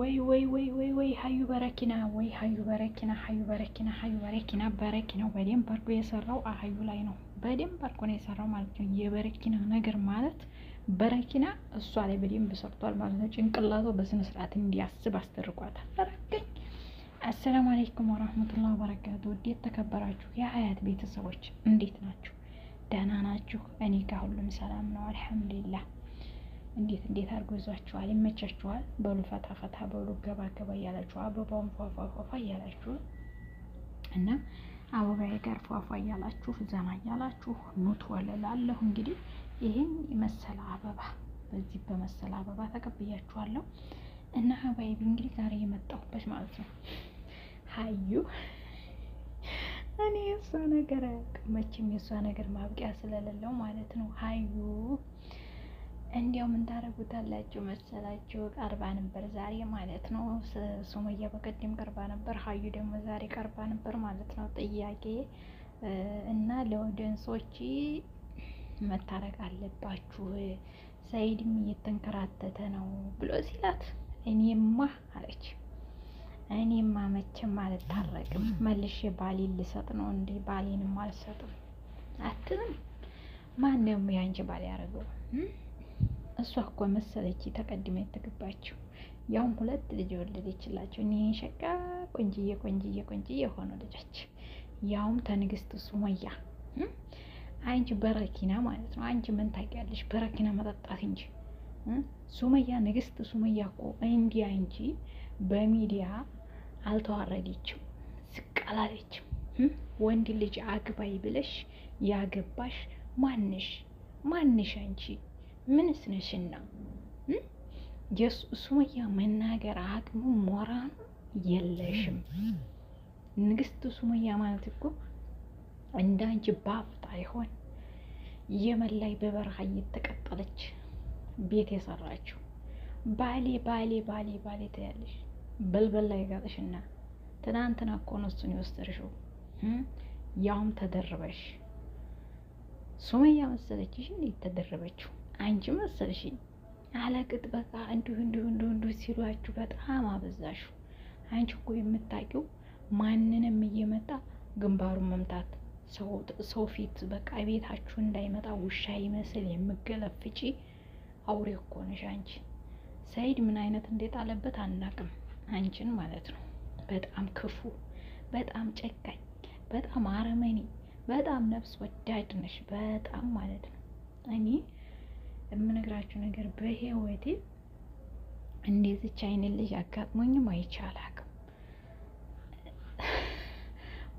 ወይ ወይ ወይ ወይ ወይ ሀዩ በረኪና ወይ ሀዩ በረኪና ሀዩ በረኪና ሀዩ በረኪና በረኪናው በደንብ አድርጎ የሰራው አሀዩ ላይ ነው። በደንብ አድርጎ ነው የሰራው ማለት ነው። የበረኪና ነገር ማለት በረኪና እሷ ላይ በደንብ ሰርቷል ማለት ነው። ጭንቅላቷ በስነ ስርዓት እንዲያስብ አስደርጓታል። አረገኝ። አሰላሙ አለይኩም ወራህመቱላሂ ወበረካቱ። ውድ የተከበራችሁ የሀያት ቤተሰቦች እንዴት ናችሁ? ደህና ናችሁ? እኔ ጋር ሁሉም ሰላም ነው፣ አልሐምዱሊላህ እንዴት እንዴት አድርጎ ይዟችኋል? ይመቻችኋል? በሉ ፈታ ፈታ በሉ ገባ ገባ እያላችሁ አበባውን ፏፏ ፏፏ እያላችሁ እና አበባዬ ጋር ፏፏ እያላችሁ ዘና እያላችሁ ኑት ወለላለሁ። እንግዲህ ይህን መሰለ አበባ በዚህ በመሰለ አበባ ተቀብያችኋለሁ እና ሀባይቢ እንግዲህ ዛሬ የመጣሁበት ማለት ነው ሀዩ እኔ የእሷ ነገር መቼም የእሷ ነገር ማብቂያ ስለሌለው ማለት ነው ሀዩ እንዲያው ምን ታደርጉታላችሁ መሰላችሁ? ቀርባ ነበር ዛሬ ማለት ነው። ሱመያ በቀደም ቀርባ ነበር፣ ሀዩ ደግሞ ዛሬ ቀርባ ነበር ማለት ነው። ጥያቄ እና ለወደንሶች መታረቅ አለባችሁ፣ ሰይድም እየተንከራተተ ነው ብሎ ሲላት እኔማ አለች እኔማ መቼም አልታረቅም፣ መልሼ ባሌን ልሰጥ ነው እንዴ? ባሌንም አልሰጥም አትልም። ማን ደግሞ ያንቺ ባል ያደረገው? እሷ እኮ መሰለች ተቀድማ የተገባችው። ያውም ሁለት ልጅ የወለደችላቸው እኒህን ሸቃ ቆንጅዬ ቆንጅዬ ቆንጅዬ የሆኑ ልጆች ያውም ተንግስት ሱመያ። አንቺ በረኪና ማለት ነው። አንቺ ምን ታውቂያለሽ? በረኪና መጠጣት እንጂ ሱመያ ንግስት ሱመያ እኮ እንዲያ እንጂ በሚዲያ አልተዋረደችም፣ ዝቅ አላለችም። ወንድ ልጅ አግባይ ብለሽ ያገባሽ ማንሽ ማንሽ አንቺ ምንስ ነሽና ሱመያ መናገር አቅሙ ሞራኑ የለሽም። ንግስት ሱመያ ማለት እኮ እንዳንቺ ባፍታ አይሆን የመላይ ላይ በበረሃ እየተቀጠለች ቤት የሰራችው ባሌ ባሌ ባሌ ባሌ ትያለሽ። በልበል ላይ ጋጥሽና ትናንትና እኮ ነው እሱን የወሰድሽው ያውም ተደርበሽ ሱመያ መሰለችሽ የተደረበችው አንቺ መሰልሽ አለቅጥ በቃ እንዲሁ እንዲሁ እንዲሁ እንዲሁ ሲሏችሁ በጣም አበዛሹ። አንቺ እኮ የምታውቂው ማንንም እየመጣ ግንባሩን መምታት ሰው ፊት በቃ ቤታችሁ እንዳይመጣ ውሻ ይመስል የምገለፍጪ አውሬ እኮ ነሽ አንቺ። ሰይድ ምን አይነት እንዴት አለበት አናቅም፣ አንቺን ማለት ነው። በጣም ክፉ፣ በጣም ጨካኝ፣ በጣም አረመኔ በጣም ነፍስ ወዳድ ነሽ፣ በጣም ማለት ነው። እኔ የምነግራችሁ ነገር በህይወቴ እንደዚች አይነት ልጅ አጋጥሞኝም አይቻል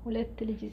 ሁለት ልጅ